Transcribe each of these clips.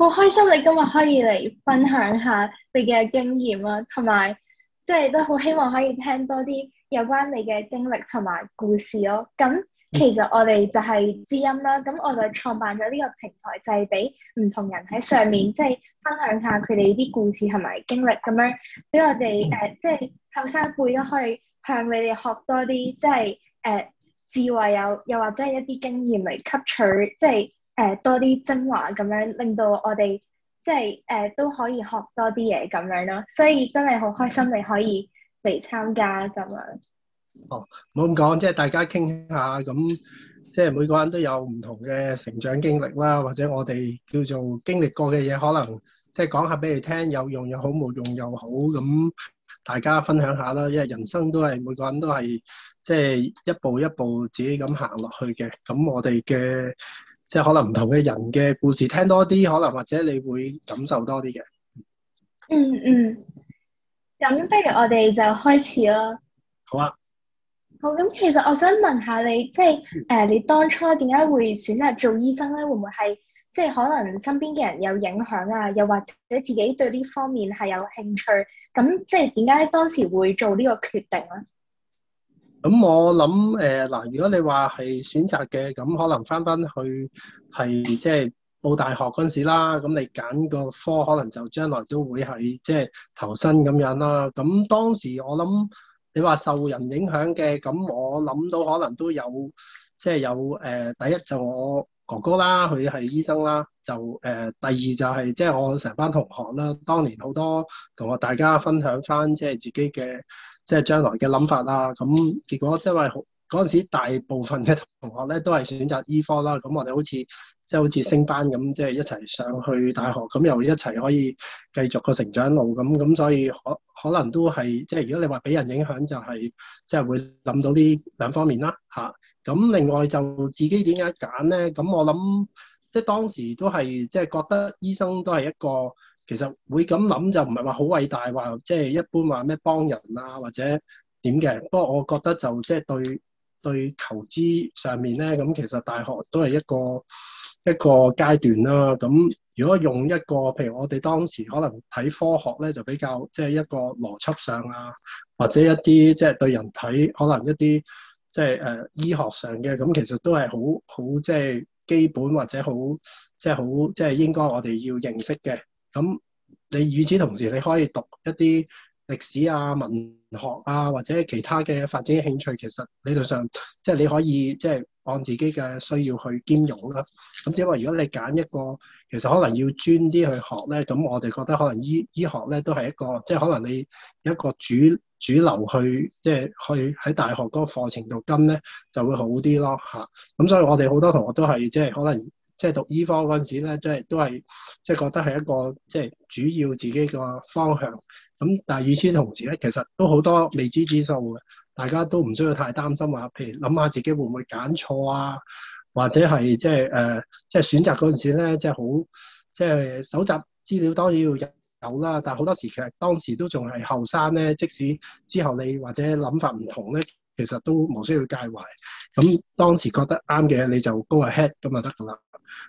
好開心你今日可以嚟分享下你嘅經驗啦，同埋即係都好希望可以聽多啲有關你嘅經歷同埋故事咯。咁其實我哋就係知音啦，咁我就創辦咗呢個平台，就係俾唔同人喺上面即係、就是、分享下佢哋啲故事同埋經歷，咁樣俾我哋誒，即係後生輩都可以向你哋學多啲，即係誒智慧有又或者係一啲經驗嚟吸取，即、就、係、是。誒，多啲精華咁樣，令到我哋即係誒、呃、都可以學多啲嘢咁樣咯。所以真係好開心你可以嚟參加咁樣。哦，唔好咁講，即係大家傾下咁，即係每個人都有唔同嘅成長經歷啦，或者我哋叫做經歷過嘅嘢，可能即係講下俾你聽，有用又好，冇用又好，咁大家分享下啦。因為人生都係每個人都係即係一步一步自己咁行落去嘅，咁我哋嘅。即係可能唔同嘅人嘅故事聽多啲，可能或者你會感受多啲嘅、嗯。嗯嗯。咁不如我哋就開始咯。好啊。好，咁，其實我想問下你，即係誒你當初點解會選擇做醫生咧？會唔會係即係可能身邊嘅人有影響啊？又或者自己對呢方面係有興趣？咁即係點解當時會做呢個決定咧？咁我諗誒嗱，如果你話係選擇嘅，咁可能翻翻去係即係報大學嗰陣時啦，咁你揀個科可能就將來都會係即係投身咁樣啦。咁當時我諗你話受人影響嘅，咁我諗到可能都有即係、就是、有誒、呃，第一就我哥哥啦，佢係醫生啦，就誒、呃，第二就係即係我成班同學啦，當年好多同學大家分享翻即係自己嘅。即係將來嘅諗法啦，咁結果即係話嗰陣時大部分嘅同學咧都係選擇醫科啦，咁我哋好似即係好似升班咁，即係一齊上去大學，咁又一齊可以繼續個成長路咁，咁所以可可能都係即係如果你話俾人影響，就係即係會諗到呢兩方面啦嚇。咁另外就自己點解揀咧？咁我諗即係當時都係即係覺得醫生都係一個。其實會咁諗就唔係話好偉大，或即係一般話咩幫人啊或者點嘅。不過我覺得就即係對對求知上面咧，咁其實大學都係一個一個階段啦啊。咁如果用一個，譬如我哋當時可能睇科學咧，就比較即係一個邏輯上啊，或者一啲即係對人體可能一啲即係誒醫學上嘅，咁其實都係好好即係基本或者好即係好即係應該我哋要認識嘅。咁、嗯、你與此同時，你可以讀一啲歷史啊、文學啊，或者其他嘅發展嘅興趣。其實理論上，即係你可以即係按自己嘅需要去兼容啦。咁、嗯、只不過，如果你揀一個其實可能要專啲去學咧，咁我哋覺得可能醫醫學咧都係一個，即係可能你一個主主流去即係去喺大學嗰個課程度跟咧，就會好啲咯嚇。咁、嗯、所以我哋好多同學都係即係可能。即係讀醫科嗰陣時咧，即係都係即係覺得係一個即係主要自己個方向。咁但係與此同時咧，其實都好多未知之數嘅，大家都唔需要太擔心話，譬如諗下自己會唔會揀錯啊，或者係即係誒、呃、即係選擇嗰陣時咧，即係好即係搜集資料當然要有啦。但係好多時其實當時都仲係後生咧，即使之後你或者諗法唔同咧，其實都冇需要介懷。咁當時覺得啱嘅你就 go ahead 咁就得㗎啦。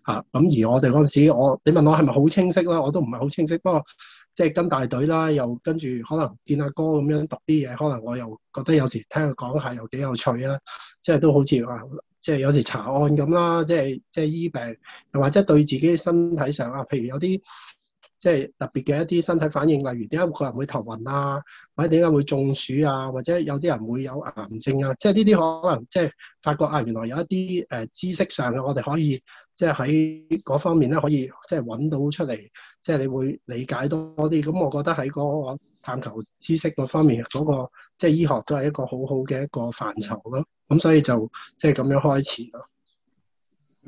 吓咁、啊、而我哋嗰陣時，我你問我係咪好清晰啦？我都唔係好清晰。不過即係跟大隊啦，又跟住可能見阿哥咁樣讀啲嘢，可能我又覺得有時聽佢講下又幾有趣啦。即係都好似話，即係有時查案咁啦。即係即係醫病，又或者對自己身體上啊，譬如有啲。即係特別嘅一啲身體反應，例如點解個人會頭暈啊，或者點解會中暑啊，或者有啲人會有癌症啊，即係呢啲可能即係發覺啊，原來有一啲誒知識上嘅，我哋可以即係喺嗰方面咧，可以即係揾到出嚟，即係你會理解到多啲。咁我覺得喺嗰個探求知識嗰方面，嗰個即係醫學都係一個好好嘅一個範疇咯。咁所以就即係咁樣開始咯。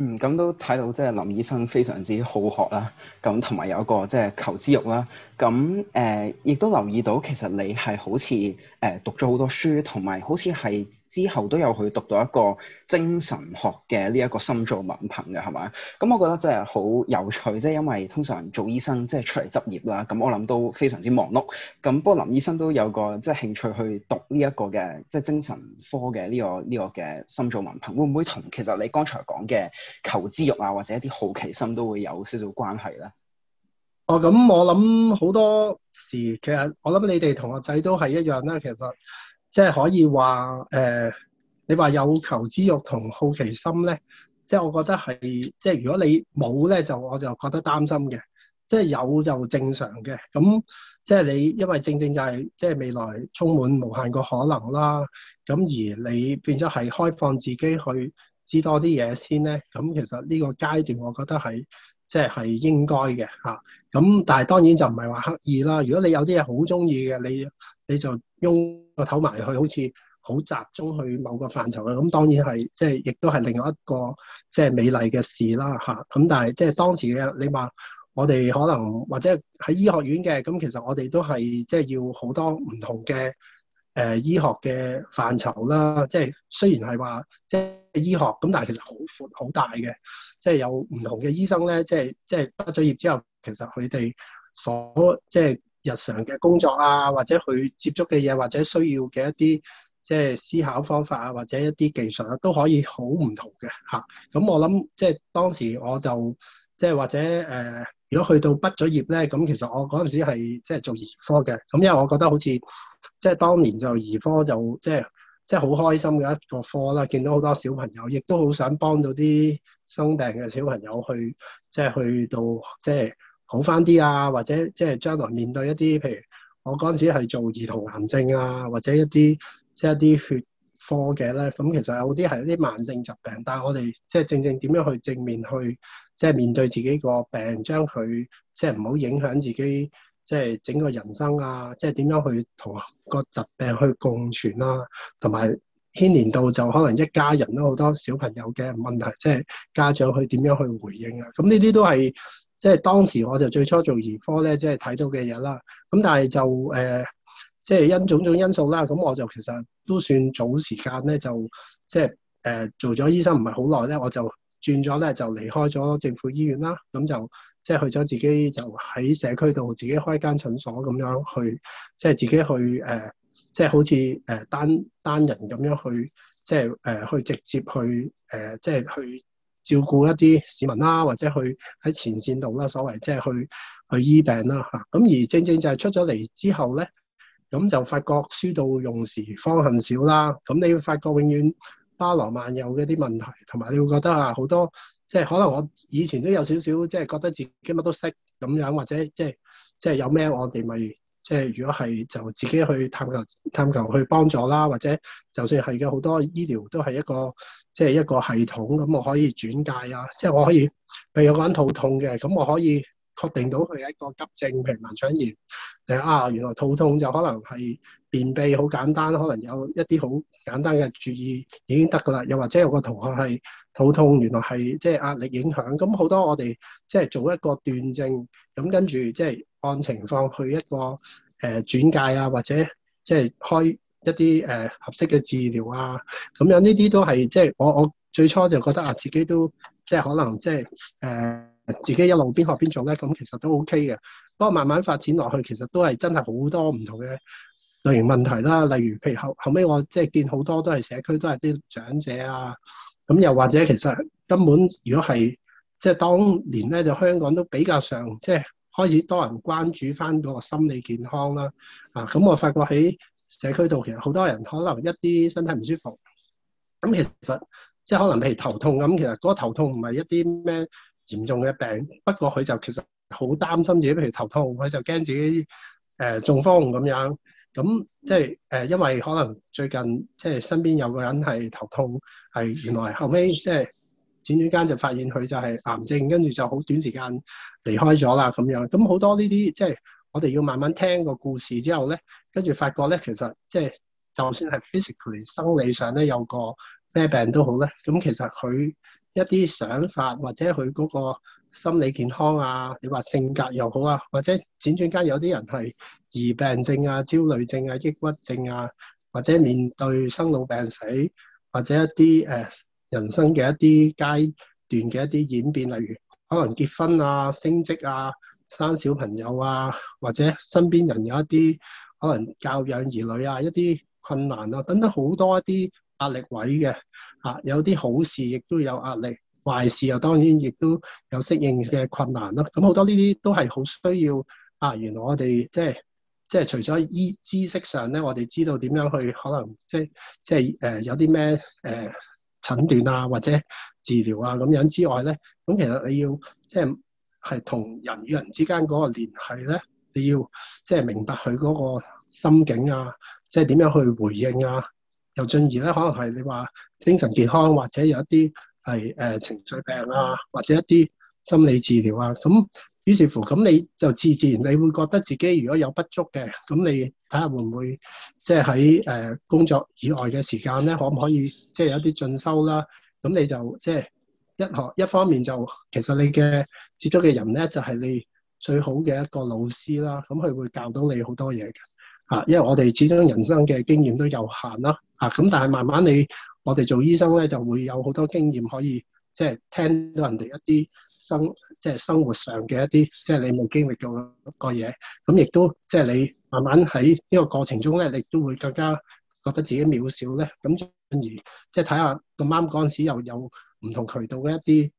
嗯，咁都睇到即係林醫生非常之好學啦，咁同埋有一個即係求知慾啦，咁誒亦都留意到其實你係好似誒讀咗好多書，同埋好似係。之後都有去讀到一個精神學嘅呢一個深造文憑嘅，係咪？咁我覺得真係好有趣，即係因為通常做醫生即係出嚟執業啦，咁我諗都非常之忙碌。咁不過林醫生都有個即係興趣去讀呢一個嘅即係精神科嘅呢個呢個嘅深造文憑，會唔會同其實你剛才講嘅求知欲啊，或者一啲好奇心都會有少少關係咧？哦，咁我諗好多時，其實我諗你哋同學仔都係一樣啦，其實。即係可以話誒、呃，你話有求知欲同好奇心咧，即係我覺得係即係如果你冇咧，就我就覺得擔心嘅。即係有就正常嘅。咁即係你，因為正正就係、是、即係未來充滿無限個可能啦。咁而你變咗係開放自己去知多啲嘢先咧。咁其實呢個階段，我覺得係即係係應該嘅嚇。咁但係當然就唔係話刻意啦。如果你有啲嘢好中意嘅，你。你就擁個頭埋去，好似好集中去某個範疇咧。咁當然係，即係亦都係另外一個即係美麗嘅事啦，嚇、啊。咁但係即係當時嘅你話，我哋可能或者喺醫學院嘅，咁其實我哋都係即係要好多唔同嘅誒、呃、醫學嘅範疇啦。即係雖然係話即係醫學，咁但係其實好闊好大嘅，即係有唔同嘅醫生咧。即係即係畢咗業之後，其實佢哋所即係。即日常嘅工作啊，或者去接觸嘅嘢，或者需要嘅一啲即係思考方法啊，或者一啲技術啊，都可以好唔同嘅吓。咁、啊、我諗即係當時我就即係或者誒、呃、如果去到畢咗業咧，咁其實我嗰陣時係即係做兒科嘅。咁因為我覺得好似即係當年就兒科就即係即係好開心嘅一個科啦，見到好多小朋友，亦都好想幫到啲生病嘅小朋友去即係去到即係。好翻啲啊，或者即係將來面對一啲，譬如我嗰陣時係做兒童癌症啊，或者一啲即係一啲血科嘅咧。咁其實有啲係一啲慢性疾病，但係我哋即係正正點樣去正面去即係面對自己個病，將佢即係唔好影響自己即係整個人生啊，即係點樣去同個疾病去共存啦，同埋牽連到就可能一家人都好多小朋友嘅問題，即係家長去點樣去回應啊。咁呢啲都係。即係當時我就最初做兒科咧，即係睇到嘅嘢啦。咁但係就誒、呃，即係因種種因素啦。咁我就其實都算早時間咧，就即係誒做咗醫生唔係好耐咧，我就轉咗咧，就離開咗政府醫院啦。咁就即係去咗自己就喺社區度自己開間診所咁樣去，即係自己去誒、呃，即係好似誒單單人咁樣去，即係誒去直接去誒、呃，即係去。照顧一啲市民啦，或者去喺前線度啦，所謂即係去去醫病啦嚇。咁而正正就係出咗嚟之後咧，咁就發覺書到用時方恨少啦。咁你會發覺永遠包羅漫有嘅啲問題，同埋你會覺得啊，好多即係、就是、可能我以前都有少少即係、就是、覺得自己乜都識咁樣，或者即係即係有咩我哋咪即係如果係就自己去探求探求去幫助啦，或者就算係嘅好多醫療都係一個。即係一個系統咁，我可以轉介啊！即係我可以，譬如有個人肚痛嘅，咁我可以確定到佢一個急症，譬如闌腸炎。誒啊,原來肚痛就可能係便秘，好簡單，可能有一啲好簡單嘅注意已經得噶啦。又或者有個同學係肚痛，原來係即係壓力影響。咁好多我哋即係做一個斷症，咁跟住即係按情況去一個誒、呃、轉介啊，或者即係開。一啲誒、呃、合適嘅治療啊，咁樣呢啲都係即係我我最初就覺得啊，自己都即係可能即係誒、呃、自己一路邊學邊做咧，咁其實都 OK 嘅。不過慢慢發展落去，其實都係真係好多唔同嘅類型問題啦。例如譬如後後尾我即係見好多都係社區都係啲長者啊，咁又或者其實根本如果係即係當年咧，就香港都比較上即係開始多人關注返嗰個心理健康啦。啊，咁我發覺喺～社區度其實好多人可能一啲身體唔舒服，咁其實即係可能譬如頭痛咁，其實嗰頭痛唔係一啲咩嚴重嘅病，不過佢就其實好擔心自己，譬如頭痛，佢就驚自己誒、呃、中風咁樣，咁即係誒、呃、因為可能最近即係身邊有個人係頭痛，係原來後尾，即係轉轉間就發現佢就係癌症，跟住就好短時間離開咗啦咁樣，咁好多呢啲即係我哋要慢慢聽個故事之後咧。跟住發覺咧，其實即係就算係 physically 生理上咧有個咩病都好咧，咁其實佢一啲想法或者佢嗰個心理健康啊，你話性格又好啊，或者輾轉間有啲人係疑病症啊、焦慮症啊、抑鬱症啊，或者面對生老病死，或者一啲誒人生嘅一啲階段嘅一啲演變，例如可能結婚啊、升職啊、生小朋友啊，或者身邊人有一啲。可能教養兒女啊，一啲困難咯，等等好多一啲壓力位嘅，啊有啲好事亦都有壓力，壞事又當然亦都有適應嘅困難咯。咁好多呢啲都係好需要啊。原來我哋即係即係除咗喺知識上咧，我哋知道點樣去可能即係即係誒、呃、有啲咩誒診斷啊或者治療啊咁樣之外咧，咁、嗯、其實你要即係係同人與人之間嗰個聯繫咧。你要即係明白佢嗰個心境啊，即係點樣去回應啊。又進而咧，可能係你話精神健康或者有一啲係誒情緒病啊，或者一啲心理治療啊。咁於是乎，咁你就自自然你會覺得自己如果有不足嘅，咁你睇下會唔會即係喺誒工作以外嘅時間咧，可唔可以即係有啲進修啦？咁你就即係一學一方面就其實你嘅接觸嘅人咧，就係你，最好嘅一個老師啦，咁佢會教到你好多嘢嘅，啊，因為我哋始終人生嘅經驗都有限啦，啊，咁但係慢慢你，我哋做醫生咧就會有好多經驗可以，即係聽到人哋一啲生，即係生活上嘅一啲，即係你冇經歷到個嘢，咁亦都即係你慢慢喺呢個過程中咧，你都會更加覺得自己渺小咧，咁而即係睇下咁啱嗰陣時又有唔同渠道嘅一啲。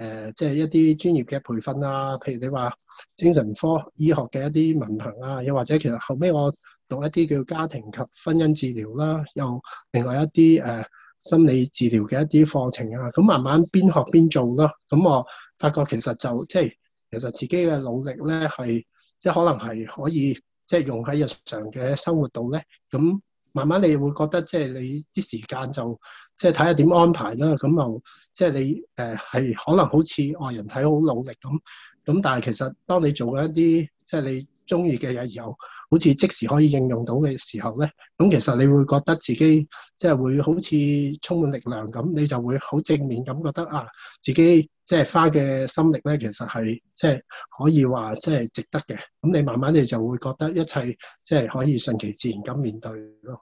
誒、呃，即係一啲專業嘅培訓啊，譬如你話精神科醫學嘅一啲文憑啊，又或者其實後尾我讀一啲叫家庭及婚姻治療啦，又另外一啲誒、呃、心理治療嘅一啲課程啊，咁慢慢邊學邊做咯。咁我發覺其實就即係其實自己嘅努力咧，係即係可能係可以即係用喺日常嘅生活度咧。咁慢慢你會覺得即係你啲時間就～即係睇下點安排啦，咁又即係你誒係可能好似外人睇好努力咁，咁但係其實當你做咗一啲即係你中意嘅嘢，又好似即時可以應用到嘅時候咧，咁其實你會覺得自己即係會好似充滿力量咁，你就會好正面咁覺得啊，自己即係花嘅心力咧，其實係即係可以話即係值得嘅。咁你慢慢你就會覺得一切即係可以順其自然咁面對咯。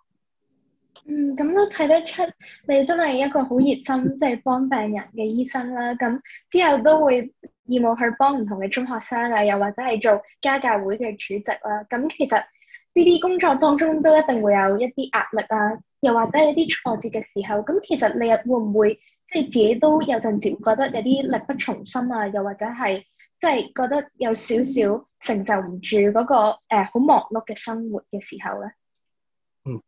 嗯，咁都睇得出你真係一個好熱心，即係幫病人嘅醫生啦、啊。咁之後都會義務去幫唔同嘅中學生啊，又或者係做家教會嘅主席啦、啊。咁其實呢啲工作當中都一定會有一啲壓力啊，又或者有啲挫折嘅時候。咁其實你會唔會即係、就是、自己都有陣時覺得有啲力不從心啊？又或者係即係覺得有少少承受唔住嗰、那個誒好、呃、忙碌嘅生活嘅時候咧？嗯。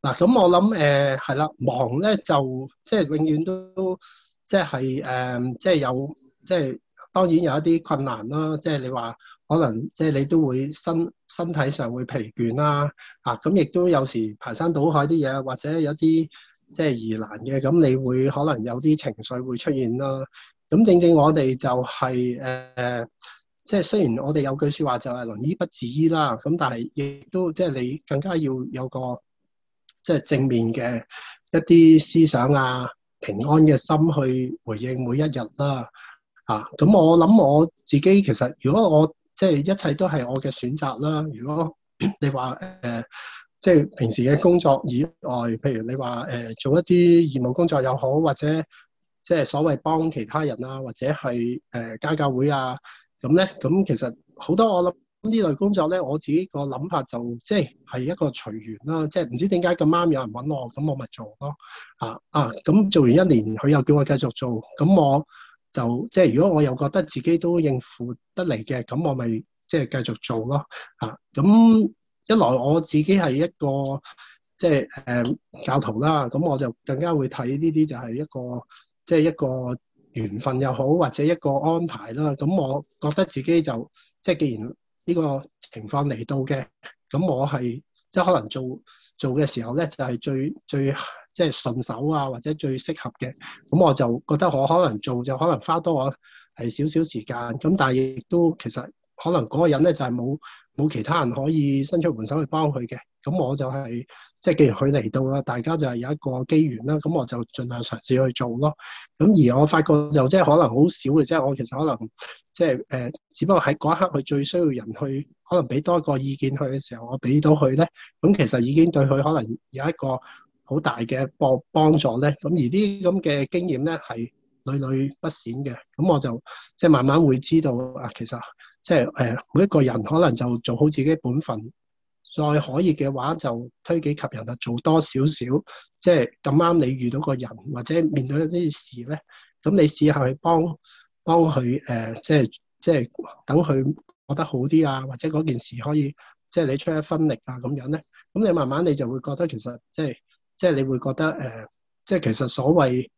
嗱，咁我諗，誒，係啦，忙咧就即係永遠都，即係誒、呃，即係有，即係當然有一啲困難啦。即係你話可能，即係你都會身身體上會疲倦啦。啊，咁亦都有時排山倒海啲嘢，或者有啲即係疑難嘅，咁你會可能有啲情緒會出現啦。咁正正我哋就係、是、誒、呃，即係雖然我哋有句說話就係能醫不自醫啦，咁但係亦都即係你更加要有個。即係正面嘅一啲思想啊，平安嘅心去回應每一日啦、啊。啊，咁我諗我自己其實，如果我即係、就是、一切都係我嘅選擇啦、啊。如果你話誒，即、呃、係、就是、平時嘅工作以外，譬如你話誒、呃、做一啲義務工作又好，或者即係所謂幫其他人啊，或者係誒家教會啊，咁咧，咁其實好多我諗。呢類工作咧，我自己個諗法就即係係一個隨緣啦，即係唔知點解咁啱有人搵我，咁我咪做咯。啊啊，咁做完一年，佢又叫我繼續做，咁我就即係如果我又覺得自己都應付得嚟嘅，咁我咪即係繼續做咯。啊，咁一來我自己係一個即係誒、呃、教徒啦，咁我就更加會睇呢啲就係一個即係一個緣分又好，或者一個安排啦。咁我覺得自己就即係既然。呢個情況嚟到嘅，咁我係即係可能做做嘅時候咧，就係最最即係順手啊，或者最適合嘅，咁我就覺得我可能做就可能花多我係少少時間，咁但係亦都其實可能嗰個人咧就係冇冇其他人可以伸出援手去幫佢嘅，咁我就係。即係既然佢嚟到啦，大家就係有一個機緣啦，咁我就盡量嘗試去做咯。咁而我發覺就即係可能好少嘅，即係我其實可能即係誒、呃，只不過喺嗰一刻佢最需要人去，可能俾多一個意見佢嘅時候，我俾到佢咧，咁其實已經對佢可能有一個好大嘅幫幫助咧。咁而呢啲咁嘅經驗咧係屢屢不鮮嘅，咁我就即係慢慢會知道啊。其實即係誒、呃，每一個人可能就做好自己本分。再可以嘅話，就推己及人啊，做多少少，即係咁啱你遇到個人或者面對一啲事咧，咁你試下去幫幫佢誒、呃，即係即係等佢覺得好啲啊，或者嗰件事可以即係你出一分力啊咁樣咧，咁你慢慢你就會覺得其實即係即係你會覺得誒、呃，即係其實所謂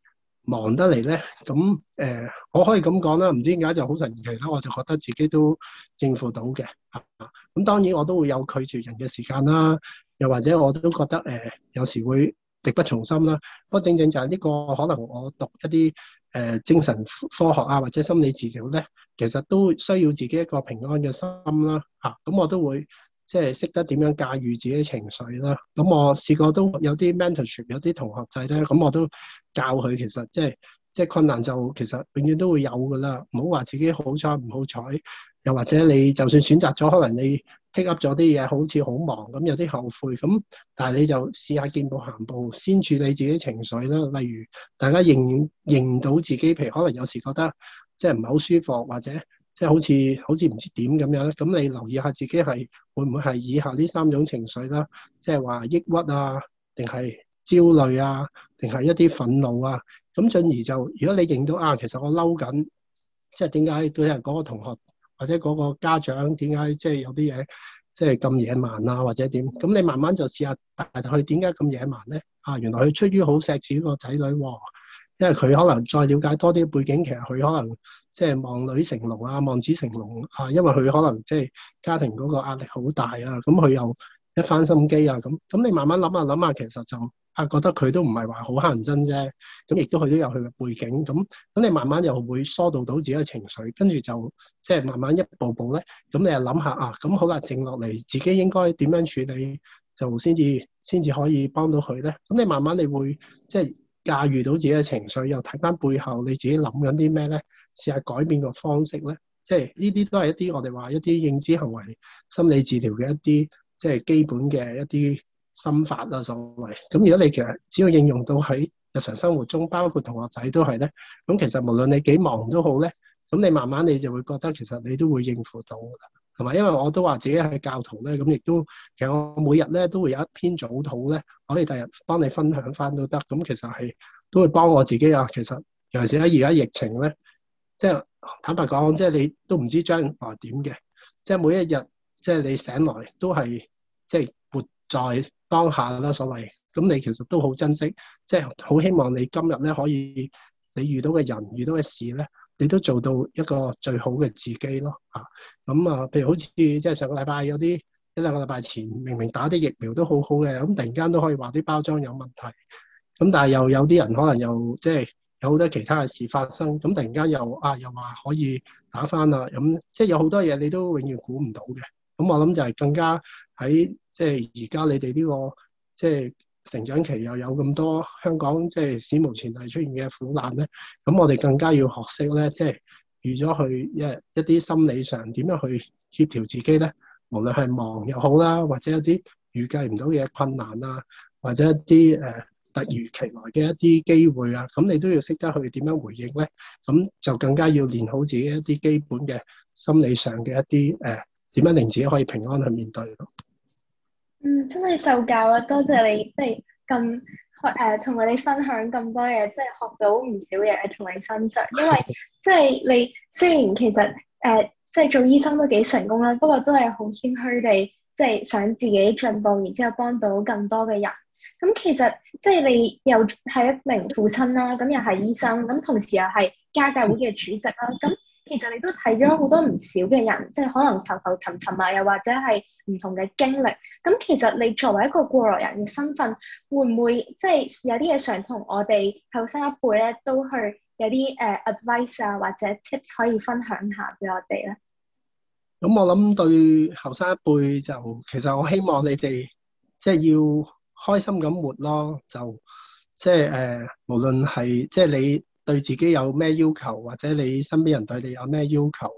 忙得嚟咧，咁誒、呃、我可以咁講啦，唔知點解就好神奇啦，我就覺得自己都應付到嘅，嚇、啊、咁當然我都會有拒絕人嘅時間啦，又或者我都覺得誒、呃、有時會力不從心啦，不過正正就係呢、這個可能我讀一啲誒、呃、精神科學啊或者心理治療咧，其實都需要自己一個平安嘅心啦，嚇、啊、咁我都會。即係識得點樣駕馭自己情緒啦。咁我試過都有啲 mentorship，有啲同學仔咧，咁我都教佢其實、就是、即係即係困難就其實永遠都會有㗎喇。唔好話自己好彩唔好彩，又或者你就算選擇咗，可能你 take up 咗啲嘢，好似好忙咁，有啲後悔咁。但係你就試下見步行步，先處理自己情緒啦。例如大家認認到自己，譬如可能有時覺得即係唔係好舒服，或者～即係好似好似唔知點咁樣，咁你留意下自己係會唔會係以下呢三種情緒啦，即係話抑鬱啊，定係焦慮啊，定係一啲憤怒啊。咁進而就，如果你認到啊，其實我嬲緊，即係點解對人嗰個同學或者嗰個家長點解即係有啲嘢即係咁野蠻啊，或者點？咁你慢慢就試下，大佢點解咁野蠻咧？啊，原來佢出於好錫住個仔女喎，因為佢可能再了解多啲背景，其實佢可能。即係望女成龍啊，望子成龍啊，因為佢可能即係家庭嗰個壓力好大啊，咁佢又一翻心機啊，咁咁你慢慢諗下諗下，其實就啊覺得佢都唔係話好乞人憎啫，咁亦都佢都有佢嘅背景，咁咁你慢慢又會疏導到，到自己嘅情緒，跟住就即係慢慢一步步咧，咁你又諗下啊，咁好啦靜落嚟，自己應該點樣處理就，就先至先至可以幫到佢咧，咁你慢慢你會即係駕馭到自己嘅情緒，又睇翻背後你自己諗緊啲咩咧？試下改變個方式咧，即係呢啲都係一啲我哋話一啲認知行為心理治療嘅一啲即係基本嘅一啲心法啦、啊，所謂。咁如果你其實只要應用到喺日常生活中，包括同學仔都係咧，咁其實無論你幾忙都好咧，咁你慢慢你就會覺得其實你都會應付到㗎，同埋因為我都話自己係教徒咧，咁亦都其實我每日咧都會有一篇早禱咧，可以第日幫你分享翻都得。咁其實係都會幫我自己啊。其實尤其是喺而家疫情咧。即係坦白講，即係你都唔知將來點嘅。即係每一日，即係你醒來都係即係活在當下啦。所謂咁，你其實都好珍惜。即係好希望你今日咧可以，你遇到嘅人、遇到嘅事咧，你都做到一個最好嘅自己咯。嚇咁啊，譬如好似即係上個禮拜有啲一兩個禮拜前明明打啲疫苗都好好嘅，咁突然間都可以話啲包裝有問題。咁但係又有啲人可能又即係。有好多其他嘅事發生，咁突然間又啊又話可以打翻啦，咁即係有好多嘢你都永遠估唔到嘅。咁我諗就係更加喺即係而家你哋呢個即係成長期又有咁多香港即係史無前例出現嘅苦難咧，咁我哋更加要學識咧，即係預咗去一一啲心理上點樣去協調自己咧，無論係忙又好啦，或者一啲預計唔到嘅困難啊，或者一啲誒。呃突如其來嘅一啲機會啊，咁你都要識得去點樣回應咧，咁就更加要練好自己一啲基本嘅心理上嘅一啲誒，點樣令自己可以平安去面對咯。嗯，真係受教啊！多謝你，即係咁誒，同埋你分享咁多嘢，即係學到唔少嘢同你身上。因為 即係你雖然其實誒，即係做醫生都幾成功啦，不過都係好謙虛地，即係想自己進步，然之後幫到更多嘅人。咁其實即係你又係一名父親啦，咁又係醫生，咁同時又係家教會嘅主席啦。咁其實你都睇咗好多唔少嘅人，即係可能浮浮沉沉啊，又或者係唔同嘅經歷。咁其實你作為一個過來人嘅身份，會唔會即係有啲嘢想同我哋後生一輩咧都去有啲誒 advice 啊或者 tips 可以分享下俾我哋咧？咁我諗對後生一輩就，其實我希望你哋即係要。開心咁活咯，就即係誒、呃，無論係即係你對自己有咩要求，或者你身邊人對你有咩要求，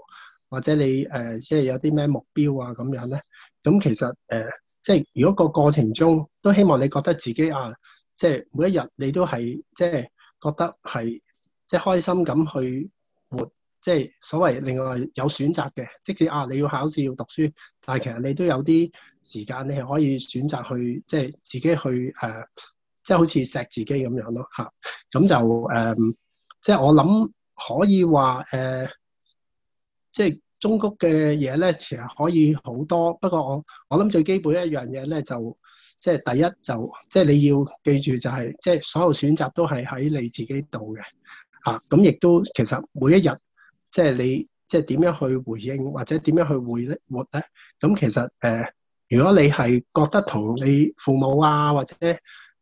或者你誒即係有啲咩目標啊咁樣咧，咁其實誒、呃，即係如果個過程中都希望你覺得自己啊，即係每一日你都係即係覺得係即係開心咁去活，即係所謂另外有選擇嘅，即使啊你要考試要讀書，但係其實你都有啲時間你係可以選擇去即係自己去誒、呃，即係好似錫自己咁樣咯嚇。咁、啊、就誒、呃，即係我諗可以話誒、呃，即係中谷嘅嘢咧，其實可以好多。不過我我諗最基本一樣嘢咧，就即係第一就即係你要記住就係、是，即係所有選擇都係喺你自己度嘅。啊，咁亦都其實每一日即係你即係點樣去回應或者點樣去回活咧？咁其實誒。呃如果你係覺得同你父母啊，或者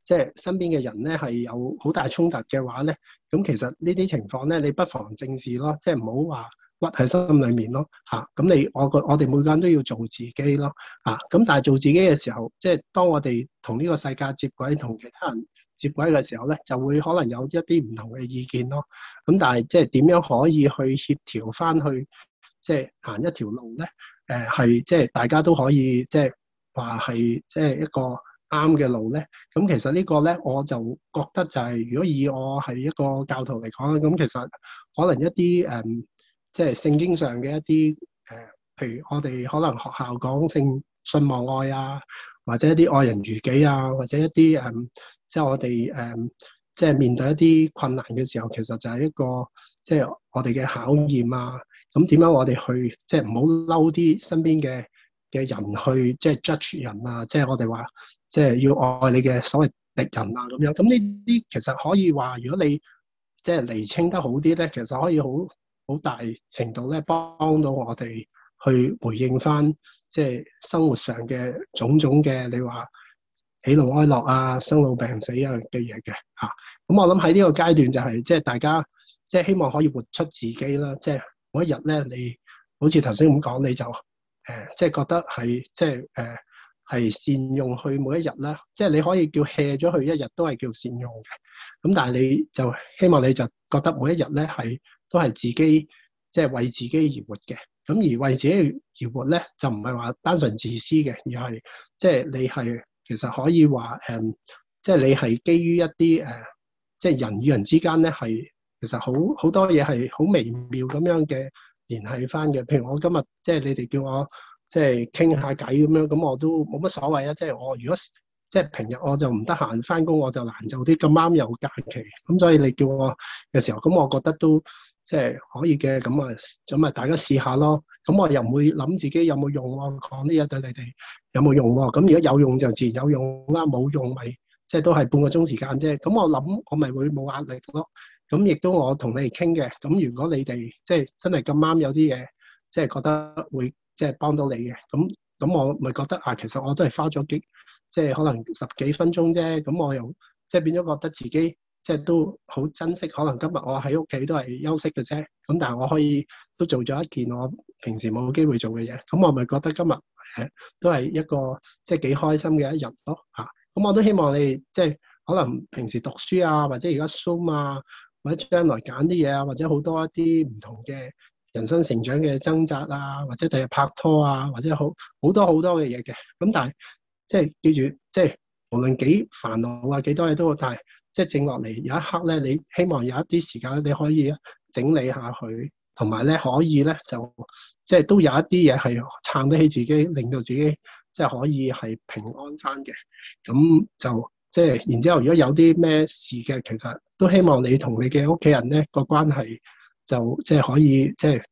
即係身邊嘅人咧，係有好大衝突嘅話咧，咁其實呢啲情況咧，你不妨正視咯，即係唔好話屈喺心裏面咯，嚇、啊。咁你我，我個我哋每個人都要做自己咯，嚇、啊。咁但係做自己嘅時候，即、就、係、是、當我哋同呢個世界接軌，同其他人接軌嘅時候咧，就會可能有一啲唔同嘅意見咯。咁、啊、但係即係點樣可以去協調翻去，即係行一條路咧？誒、呃，係即係大家都可以即係。就是話係即係一個啱嘅路咧，咁其實個呢個咧，我就覺得就係、是、如果以我係一個教徒嚟講，咁其實可能一啲誒、嗯，即係聖經上嘅一啲誒、呃，譬如我哋可能學校講聖信望愛啊，或者一啲愛人如己啊，或者一啲誒、嗯，即係我哋誒、嗯，即係面對一啲困難嘅時候，其實就係一個即係我哋嘅考驗啊。咁點樣我哋去即係唔好嬲啲身邊嘅嘅人去即係 judge 人啊，即係我哋話，即係要愛你嘅所謂敵人啊，咁樣咁呢啲其實可以話，如果你即係厘清得好啲咧，其實可以好好大程度咧幫到我哋去回應翻，即係生活上嘅種種嘅，你話喜怒哀樂啊、生老病死啊嘅嘢嘅吓。咁、啊、我諗喺呢個階段就係、是、即係大家即係希望可以活出自己啦。即係每一日咧，你好似頭先咁講，你就。誒，即係覺得係，即係誒，係、呃、善用去每一日啦。即係你可以叫卸咗去一日，都係叫善用嘅。咁但係你就希望你就覺得每一日咧，係都係自己，即、就、係、係、為自己而活嘅。咁而為自己而活咧，就唔係話單純自私嘅，而係即係你係其實可以話誒、嗯，即係你係基於一啲誒、呃，即係人與人之間咧，係其實好好多嘢係好微妙咁樣嘅。聯繫翻嘅，譬如我今日即係你哋叫我即係傾下偈咁樣，咁我都冇乜所謂啊！即係我如果即係平日我就唔得閒翻工，我就難做啲。咁啱有假期，咁所以你叫我嘅時候，咁我覺得都即係可以嘅。咁啊，咁啊，大家試下咯。咁我又唔會諗自己有冇用喎，我講呢啲對你哋有冇用喎？咁如果有用就自然有用啦，冇用咪即係都係半個鐘時間啫。咁我諗我咪會冇壓力咯。咁亦都我同你哋傾嘅，咁如果你哋即係真係咁啱有啲嘢，即係覺得會即係幫到你嘅，咁咁我咪覺得啊，其實我都係花咗幾即係可能十幾分鐘啫，咁我又即係變咗覺得自己即係都好珍惜，可能今日我喺屋企都係休息嘅啫，咁但係我可以都做咗一件我平時冇機會做嘅嘢，咁我咪覺得今日誒、啊、都係一個即係幾開心嘅一日咯吓，咁、啊、我都希望你哋即係可能平時讀書啊，或者而家 Zoom 啊。或者將來揀啲嘢啊，或者好多一啲唔同嘅人生成長嘅掙扎啊，或者第日拍拖啊，或者好好多好多嘅嘢嘅。咁但係即係記住，即係無論幾煩惱啊，幾多嘢都好。但係即係靜落嚟有一刻咧，你希望有一啲時間你可以整理下佢，同埋咧可以咧就即係都有一啲嘢係撐得起自己，令到自己即係可以係平安翻嘅。咁就。即係，然之後，如果有啲咩事嘅，其實都希望你同你嘅屋企人咧個關係就即係可以，即係誒、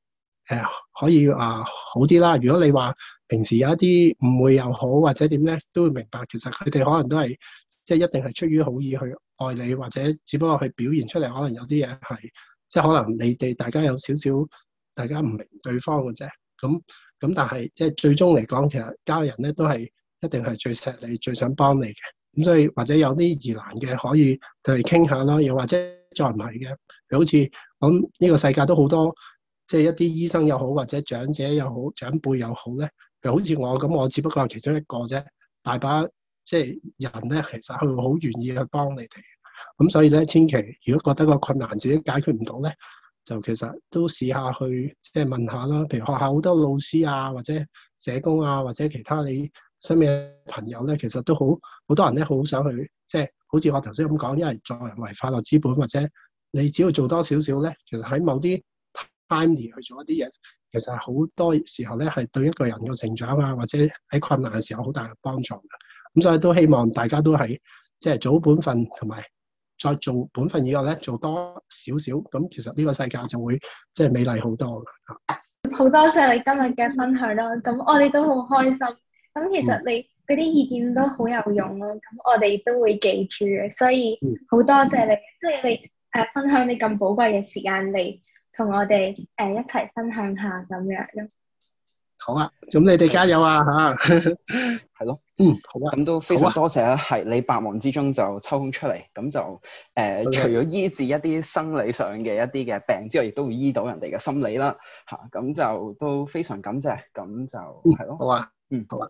呃、可以啊、呃、好啲啦。如果你話平時有一啲誤會又好，或者點咧，都會明白。其實佢哋可能都係即係一定係出於好意去愛你，或者只不過去表現出嚟，可能有啲嘢係即係可能你哋大家有少少大家唔明對方嘅啫。咁咁，但係即係最終嚟講，其實家人咧都係一定係最錫你、最想幫你嘅。咁所以或者有啲疑難嘅可以同佢哋傾下咯，又或者再唔係嘅，譬如好似咁呢個世界都好多，即係一啲醫生又好，或者長者又好，長輩又好咧。譬如好似我咁，我只不過係其中一個啫，大把即係人咧，其實佢會好願意去幫你哋。咁所以咧，千祈如果覺得個困難自己解決唔到咧，就其實都試下去即係問下啦。譬如學校好多老師啊，或者社工啊，或者其他你。身邊嘅朋友咧，其實都好，好多人咧，好想去，即係好似我頭先咁講，因為助人為快樂之本，或者你只要做多少少咧，其實喺某啲 time 去做一啲嘢，其實好多時候咧，係對一個人嘅成長啊，或者喺困難嘅時候好大嘅幫助嘅。咁所以都希望大家都係即係做好本分，同埋再做本分以外咧，做多少少，咁其實呢個世界就會即係美麗好多喇。好多謝你今日嘅分享啦，咁我哋都好開心。咁其實你嗰啲意見都好有用咯，咁我哋都會記住嘅，所以好多謝你，即係你誒分享你咁寶貴嘅時間嚟同我哋誒一齊分享下咁樣。好啊，咁你哋加油啊吓，係咯。嗯，好啊。咁都非常多謝啦，係你百忙之中就抽空出嚟，咁就誒除咗醫治一啲生理上嘅一啲嘅病之外，亦都會醫到人哋嘅心理啦。吓，咁就都非常感謝，咁就係咯。好啊，嗯，好啊。